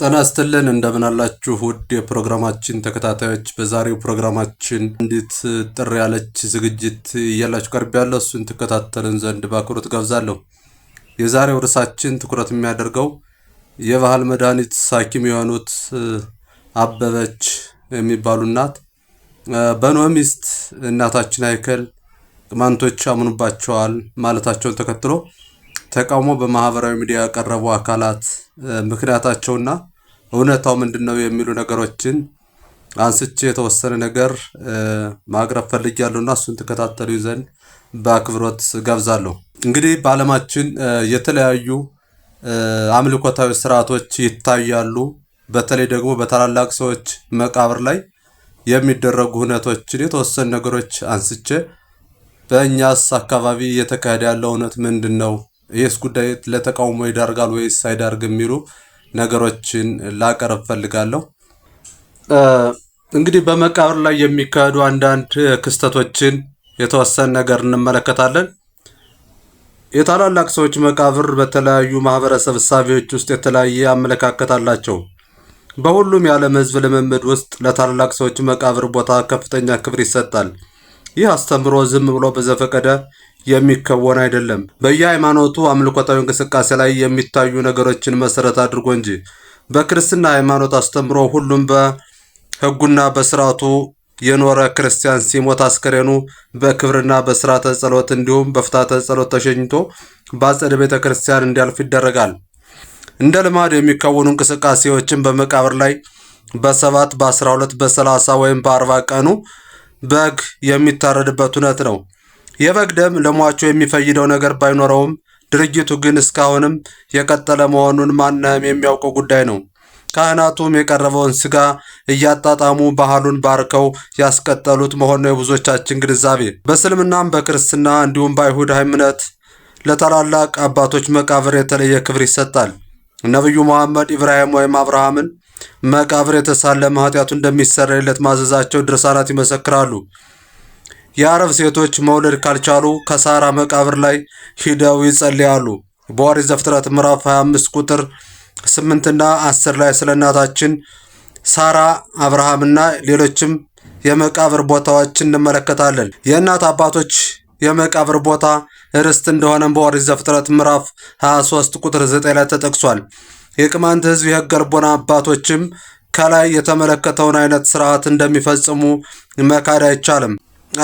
ጤና ይስጥልን እንደምን አላችሁ ውድ የፕሮግራማችን ተከታታዮች፣ በዛሬው ፕሮግራማችን አንዲት ጥር ያለች ዝግጅት እያላችሁ ቀርብ ያለ እሱን ትከታተልን ዘንድ በአክብሮት ጋብዛለሁ። የዛሬው ርዕሳችን ትኩረት የሚያደርገው የባህል መድኃኒት ሐኪም የሆኑት አበበች የሚባሉ እናት ሚስት እናታችን አይከል ቅማንቶች አምኑባቸዋል ማለታቸውን ተከትሎ ተቃውሞ በማህበራዊ ሚዲያ ያቀረቡ አካላት ምክንያታቸውና እውነታው ምንድን ነው የሚሉ ነገሮችን አንስቼ የተወሰነ ነገር ማቅረብ ፈልጌያለሁና እሱን ተከታተሉ ዘንድ በአክብሮት ጋብዛለሁ። እንግዲህ በዓለማችን የተለያዩ አምልኮታዊ ስርዓቶች ይታያሉ። በተለይ ደግሞ በታላላቅ ሰዎች መቃብር ላይ የሚደረጉ እውነቶችን የተወሰኑ ነገሮች አንስቼ በእኛስ አካባቢ እየተካሄደ ያለው እውነት ምንድን ነው ይህስ ጉዳይ ለተቃውሞ ይዳርጋል ወይስ ሳይዳርግ የሚሉ ነገሮችን ላቀረብ ፈልጋለሁ። እንግዲህ በመቃብር ላይ የሚካሄዱ አንዳንድ ክስተቶችን የተወሰነ ነገር እንመለከታለን። የታላላቅ ሰዎች መቃብር በተለያዩ ማህበረሰብ እሳቤዎች ውስጥ የተለያየ አመለካከት አላቸው። በሁሉም የዓለም ሕዝብ ልምምድ ውስጥ ለታላላቅ ሰዎች መቃብር ቦታ ከፍተኛ ክብር ይሰጣል። ይህ አስተምህሮ ዝም ብሎ በዘፈቀደ የሚከወን አይደለም። በየሃይማኖቱ አምልኮታዊ እንቅስቃሴ ላይ የሚታዩ ነገሮችን መሰረት አድርጎ እንጂ በክርስትና ሃይማኖት አስተምሮ ሁሉም በህጉና በስርዓቱ የኖረ ክርስቲያን ሲሞት አስከሬኑ በክብርና በስርዓተ ጸሎት እንዲሁም በፍታተ ጸሎት ተሸኝቶ በአጸደ ቤተ ክርስቲያን እንዲያልፍ ይደረጋል። እንደ ልማድ የሚከወኑ እንቅስቃሴዎችን በመቃብር ላይ በሰባት በአስራ ሁለት በሰላሳ ወይም በአርባ ቀኑ በግ የሚታረድበት እውነት ነው። የበግ ደም ለሟቹ የሚፈይደው ነገር ባይኖረውም ድርጊቱ ግን እስካሁንም የቀጠለ መሆኑን ማንም የሚያውቀው ጉዳይ ነው። ካህናቱም የቀረበውን ስጋ እያጣጣሙ ባህሉን ባርከው ያስቀጠሉት መሆን ነው የብዙዎቻችን ግንዛቤ። በእስልምናም በክርስትና እንዲሁም በአይሁድ እምነት ለታላላቅ አባቶች መቃብር የተለየ ክብር ይሰጣል። ነቢዩ መሐመድ ኢብራሂም ወይም አብርሃምን መቃብር የተሳለ ኃጢአቱ እንደሚሰረይለት ማዘዛቸው ድርሳናት ይመሰክራሉ። የአረብ ሴቶች መውለድ ካልቻሉ ከሳራ መቃብር ላይ ሂደው ይጸልያሉ። በኦሪት ዘፍጥረት ምዕራፍ 25 ቁጥር 8ና 10 ላይ ስለ እናታችን ሳራ አብርሃምና ሌሎችም የመቃብር ቦታዎችን እንመለከታለን። የእናት አባቶች የመቃብር ቦታ ርስት እንደሆነም በኦሪት ዘፍጥረት ምዕራፍ 23 ቁጥር 9 ላይ ተጠቅሷል። የቅማንት ሕዝብ የሕገ ልቦና አባቶችም ከላይ የተመለከተውን አይነት ስርዓት እንደሚፈጽሙ መካድ አይቻልም።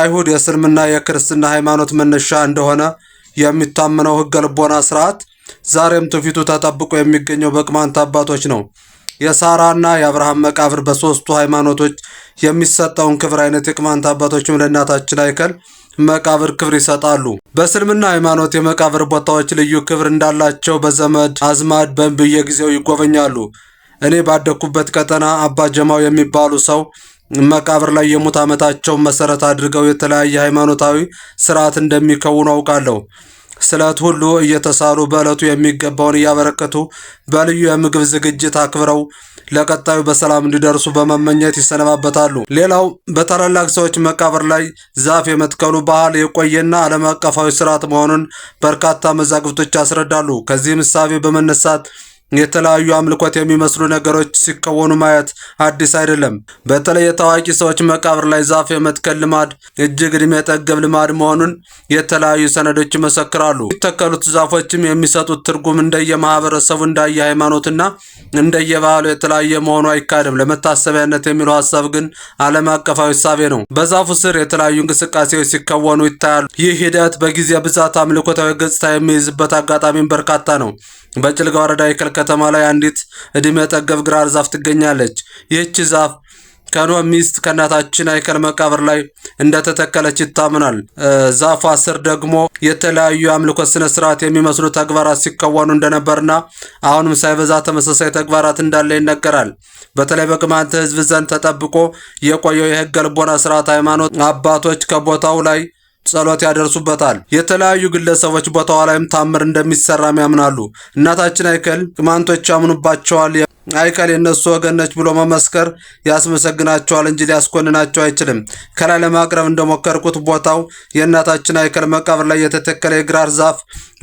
አይሁድ የእስልምና የክርስትና ሃይማኖት መነሻ እንደሆነ የሚታመነው ህገ ልቦና ስርዓት ዛሬም ትውፊቱ ተጠብቆ የሚገኘው በቅማንት አባቶች ነው። የሳራና የአብርሃም መቃብር በሶስቱ ሃይማኖቶች የሚሰጠውን ክብር አይነት የቅማንት አባቶችም ለእናታችን አይከል መቃብር ክብር ይሰጣሉ። በእስልምና ሃይማኖት የመቃብር ቦታዎች ልዩ ክብር እንዳላቸው በዘመድ አዝማድ በየጊዜው ይጎበኛሉ። እኔ ባደኩበት ቀጠና አባ ጀማው የሚባሉ ሰው መቃብር ላይ የሙት ዓመታቸውን መሰረት አድርገው የተለያየ ሃይማኖታዊ ስርዓት እንደሚከውኑ አውቃለሁ። ስለት ሁሉ እየተሳሉ በዕለቱ የሚገባውን እያበረከቱ በልዩ የምግብ ዝግጅት አክብረው ለቀጣዩ በሰላም እንዲደርሱ በመመኘት ይሰነባበታሉ። ሌላው በታላላቅ ሰዎች መቃብር ላይ ዛፍ የመትከሉ ባህል የቆየና ዓለም አቀፋዊ ስርዓት መሆኑን በርካታ መዛግብቶች ያስረዳሉ። ከዚህ ምሳሌ በመነሳት የተለያዩ አምልኮት የሚመስሉ ነገሮች ሲከወኑ ማየት አዲስ አይደለም። በተለይ የታዋቂ ሰዎች መቃብር ላይ ዛፍ የመትከል ልማድ እጅግ እድሜ ጠገብ ልማድ መሆኑን የተለያዩ ሰነዶች ይመሰክራሉ። የተከሉት ዛፎችም የሚሰጡት ትርጉም እንደየማህበረሰቡ እንዳየ ሃይማኖትና እንደየባህሉ የተለያየ መሆኑ አይካድም። ለመታሰቢያነት የሚለው ሀሳብ ግን ዓለም አቀፋዊ እሳቤ ነው። በዛፉ ስር የተለያዩ እንቅስቃሴዎች ሲከወኑ ይታያሉ። ይህ ሂደት በጊዜ ብዛት አምልኮታዊ ገጽታ የሚይዝበት አጋጣሚም በርካታ ነው። በጭልጋ ወረዳ የከል ከተማ ላይ አንዲት እድሜ ጠገብ ግራር ዛፍ ትገኛለች። ይህች ዛፍ ከኖ ሚስት ከእናታችን አይከል መቃብር ላይ እንደተተከለች ይታምናል። ዛፏ ስር ደግሞ የተለያዩ አምልኮ ስነ ስርዓት የሚመስሉ ተግባራት ሲከወኑ እንደነበርና አሁንም ሳይበዛ ተመሳሳይ ተግባራት እንዳለ ይነገራል። በተለይ በቅማንት ህዝብ ዘንድ ተጠብቆ የቆየው የህገ ልቦና ስርዓት ሃይማኖት አባቶች ከቦታው ላይ ጸሎት ያደርሱበታል። የተለያዩ ግለሰቦች ቦታዋ ላይም ታምር እንደሚሰራም ያምናሉ። እናታችን አይከል ቅማንቶች ያምኑባቸዋል። አይከል የእነሱ ወገነች ብሎ መመስከር ያስመሰግናቸዋል እንጂ ሊያስኮንናቸው አይችልም። ከላይ ለማቅረብ እንደሞከርኩት ቦታው የእናታችን አይከል መቃብር ላይ የተተከለ የግራር ዛፍ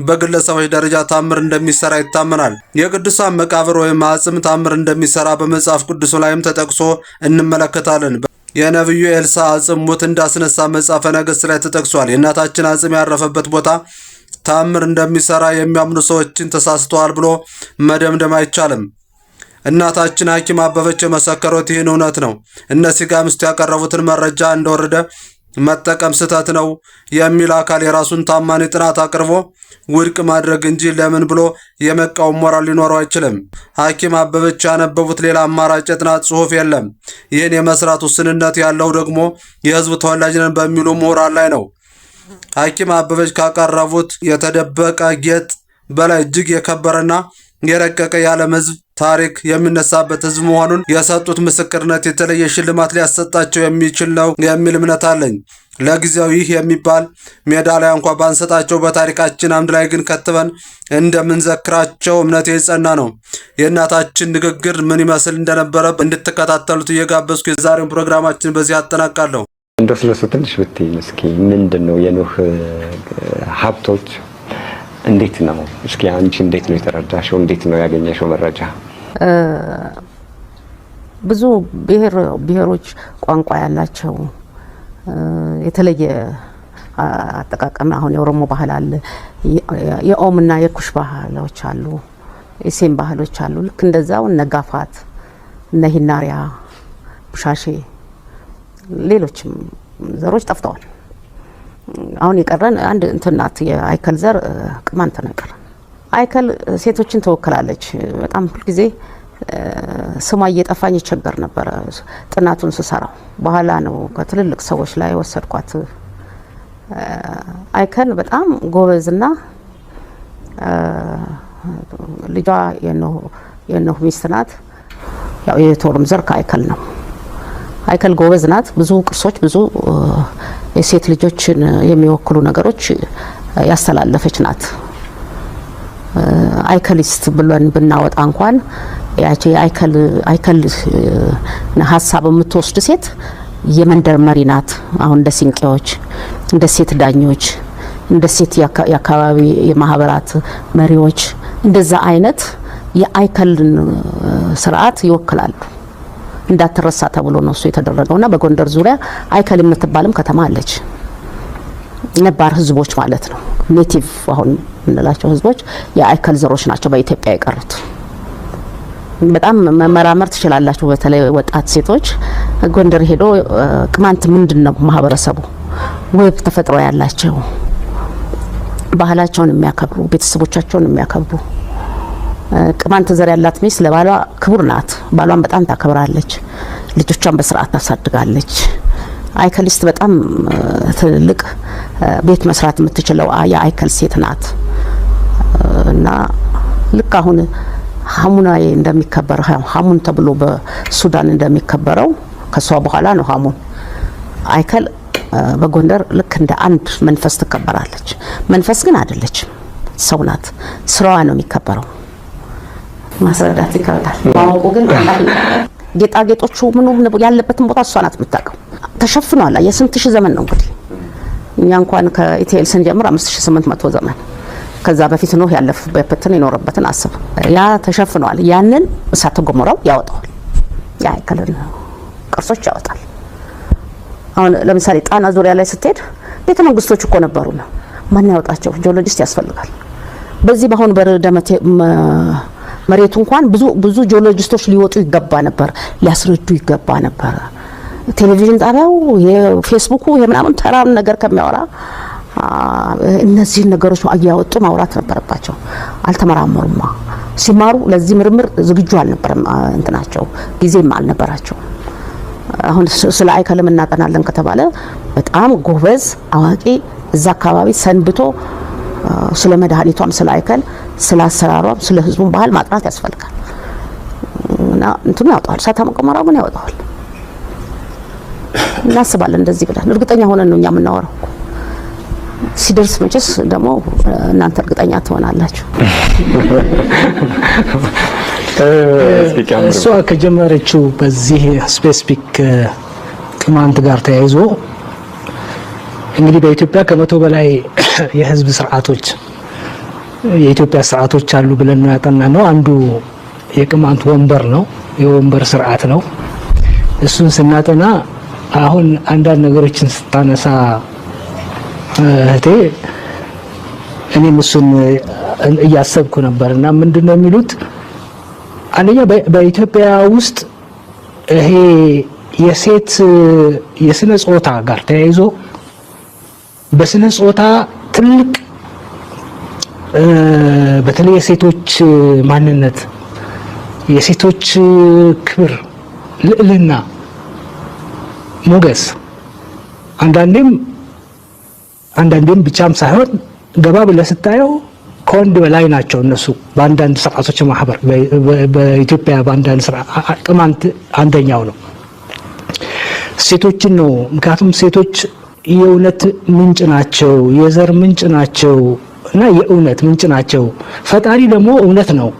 በግለሰቦች ደረጃ ታምር እንደሚሰራ ይታመናል። የቅዱሳን መቃብር ወይም አጽም ታምር እንደሚሰራ በመጽሐፍ ቅዱሱ ላይም ተጠቅሶ እንመለከታለን። የነቢዩ ኤልሳ አጽም ሞት እንዳስነሳ መጽሐፈ ነገሥት ላይ ተጠቅሷል። የእናታችን አጽም ያረፈበት ቦታ ታምር እንደሚሰራ የሚያምኑ ሰዎችን ተሳስተዋል ብሎ መደምደም አይቻልም። እናታችን ሐኪም አበበች የመሰከሩት ይህን እውነት ነው። እነ ሥጋ ምስቱ ያቀረቡትን መረጃ እንደወረደ መጠቀም ስህተት ነው የሚል አካል የራሱን ታማኝ ጥናት አቅርቦ ውድቅ ማድረግ እንጂ ለምን ብሎ የመቃወም ሞራል ሊኖረው አይችልም። ሐኪም አበበች ያነበቡት ሌላ አማራጭ የጥናት ጽሑፍ የለም። ይህን የመስራት ውስንነት ያለው ደግሞ የህዝብ ተወላጅ ነን በሚሉ ምሁራን ላይ ነው። ሐኪም አበበች ካቀረቡት የተደበቀ ጌጥ በላይ እጅግ የከበረና የረቀቀ የዓለም ህዝብ ታሪክ የሚነሳበት ህዝብ መሆኑን የሰጡት ምስክርነት የተለየ ሽልማት ሊያሰጣቸው የሚችል ነው የሚል እምነት አለኝ። ለጊዜው ይህ የሚባል ሜዳሊያ እንኳ ባንሰጣቸው በታሪካችን አምድ ላይ ግን ከትበን እንደምንዘክራቸው እምነት የጸና ነው። የእናታችን ንግግር ምን ይመስል እንደነበረ እንድትከታተሉት እየጋበዝኩ የዛሬውን ፕሮግራማችን በዚህ አጠናቃለሁ። እንደ ስለሱ ትንሽ ብትይ እስኪ ምንድን ነው የኖህ ሀብቶች እንዴት ነው እስኪ አንቺ እንዴት ነው የተረዳሽው? እንዴት ነው ያገኘሽው መረጃ? ብዙ ብሔር ብሔሮች ቋንቋ ያላቸው የተለየ አጠቃቀም አሁን የኦሮሞ ባህል አለ፣ የኦምና የኩሽ ባህሎች አሉ፣ የሴም ባህሎች አሉ። ልክ እንደዛው እነ ጋፋት ቡሻሼ ሌሎችም ዘሮች ጠፍተዋል። አሁን የቀረን አንድ እንትናት ናት የአይከል ዘር ቅማንት ነው አይከል ሴቶችን ትወክላለች። በጣም ሁልጊዜ ስሟ እየጠፋኝ ይቸገር ነበረ ጥናቱን ስሰራው። በኋላ ነው ከትልልቅ ሰዎች ላይ ወሰድኳት። አይከል በጣም ጎበዝና ልጇ የኖህ ሚስት ናት። ያው የቶርም ዘር ከአይከል ነው። አይከል ጎበዝ ናት። ብዙ ቅርሶች ብዙ የሴት ልጆችን የሚወክሉ ነገሮች ያስተላለፈች ናት። አይከሊስት ብለን ብናወጣ እንኳን አይከል ሀሳብ የምትወስድ ሴት የመንደር መሪ ናት። አሁን እንደ ሲንቄዎች፣ እንደ ሴት ዳኞች፣ እንደ ሴት የአካባቢ የማህበራት መሪዎች እንደዛ አይነት የአይከልን ስርዓት ይወክላሉ። እንዳትረሳ ተብሎ ነው እሱ የተደረገውና በጎንደር ዙሪያ አይከል የምትባልም ከተማ አለች። ነባር ህዝቦች ማለት ነው ኔቲቭ አሁን የምንላቸው ህዝቦች የአይከል ዘሮች ናቸው በኢትዮጵያ የቀሩት። በጣም መመራመር ትችላላችሁ። በተለይ ወጣት ሴቶች ጎንደር ሄዶ ቅማንት ምንድን ነው ማህበረሰቡ ውብ ተፈጥሮ ያላቸው ባህላቸውን የሚያከብሩ ቤተሰቦቻቸውን የሚያከብሩ ቅማንት ዘር ያላት ሚስት ለባሏ ክቡር ናት። ባሏን በጣም ታከብራለች። ልጆቿን በስርዓት ታሳድጋለች። አይከሊስት በጣም ትልልቅ ቤት መስራት የምትችለው የአይከል ሴት ናት እና ልክ አሁን ሀሙናዬ እንደሚከበር ሀሙን ተብሎ በሱዳን እንደሚከበረው ከሷ በኋላ ነው ሀሙን አይከል በጎንደር ልክ እንደ አንድ መንፈስ ትከበራለች። መንፈስ ግን አይደለችም፣ ሰው ናት። ስራዋ ነው የሚከበረው። ማስረዳት ይከብዳል። ማወቁ ግን ጌጣጌጦቹ ምኑ ያለበትን ቦታ እሷ ናት የምታውቀው። ተሸፍኗል። የስንት ሺህ ዘመን ነው እንግዲህ እኛ እንኳን ከኢቲኤል ስንጀምር 5800 ዘመን ከዛ በፊት ኖህ ያለፍበትን የኖረበትን አስብ። ያ ተሸፍኗል። ያንን እሳተ ገሞራው ያወጣዋል። የሀይከልን ቅርሶች ያወጣል። አሁን ለምሳሌ ጣና ዙሪያ ላይ ስትሄድ ቤተ መንግስቶች እኮ ነበሩ ነው። ማን ያወጣቸው? ጂኦሎጂስት ያስፈልጋል። በዚህ በአሁን በርዕደ መሬቱ እንኳን ብዙ ብዙ ጂኦሎጂስቶች ሊወጡ ይገባ ነበር፣ ሊያስረዱ ይገባ ነበር። ቴሌቪዥን ጣቢያው ፌስቡኩ ይሄ ምናምን ተራም ነገር ከሚያወራ እነዚህን ነገሮች እያወጡ ማውራት ነበረባቸው። አልተመራመሩማ። ሲማሩ ለዚህ ምርምር ዝግጁ አልነበረም፣ እንትናቸው ጊዜም አልነበራቸው። አሁን ስለ አይከልም እናጠናለን ከተባለ በጣም ጎበዝ አዋቂ እዛ አካባቢ ሰንብቶ ስለ መድኃኒቷም ስለ አይከል ስለ አሰራሯም ስለ ህዝቡም ባህል ማጥናት ያስፈልጋል እና እንትኑ ያወጣዋል። እሳተ ገሞራ ምን ያወጣዋል? እናስባለን እንደዚህ ብለን እርግጠኛ ሆነን ነው እኛ የምናወራው። ሲደርስ መቼስ ደግሞ እናንተ እርግጠኛ ትሆናላችሁ። እሷ ከጀመረችው በዚህ ስፔሲፊክ ቅማንት ጋር ተያይዞ እንግዲህ በኢትዮጵያ ከመቶ በላይ የህዝብ ስርዓቶች የኢትዮጵያ ስርዓቶች አሉ ብለን ነው ያጠና ነው። አንዱ የቅማንት ወንበር ነው፣ የወንበር ስርዓት ነው። እሱን ስናጠና አሁን አንዳንድ ነገሮችን ስታነሳ እህቴ፣ እኔም እሱን እያሰብኩ ነበር እና ምንድን ነው የሚሉት አንደኛ በኢትዮጵያ ውስጥ ይሄ የሴት የስነ ጾታ ጋር ተያይዞ በስነ ጾታ ትልቅ በተለይ የሴቶች ማንነት፣ የሴቶች ክብር፣ ልዕልና፣ ሞገስ አንዳንዴም አንዳንዴም ብቻም ሳይሆን ገባ ብለህ ስታየው ከወንድ በላይ ናቸው እነሱ በአንዳንድ ስርዓቶች ማህበር በኢትዮጵያ በአንዳንድ ቅማንት አንደኛው ነው። ሴቶችን ነው ምክንያቱም ሴቶች የእውነት ምንጭ ናቸው፣ የዘር ምንጭ ናቸው። እና የእውነት ምንጭ ናቸው። ፈጣሪ ደግሞ እውነት ነው።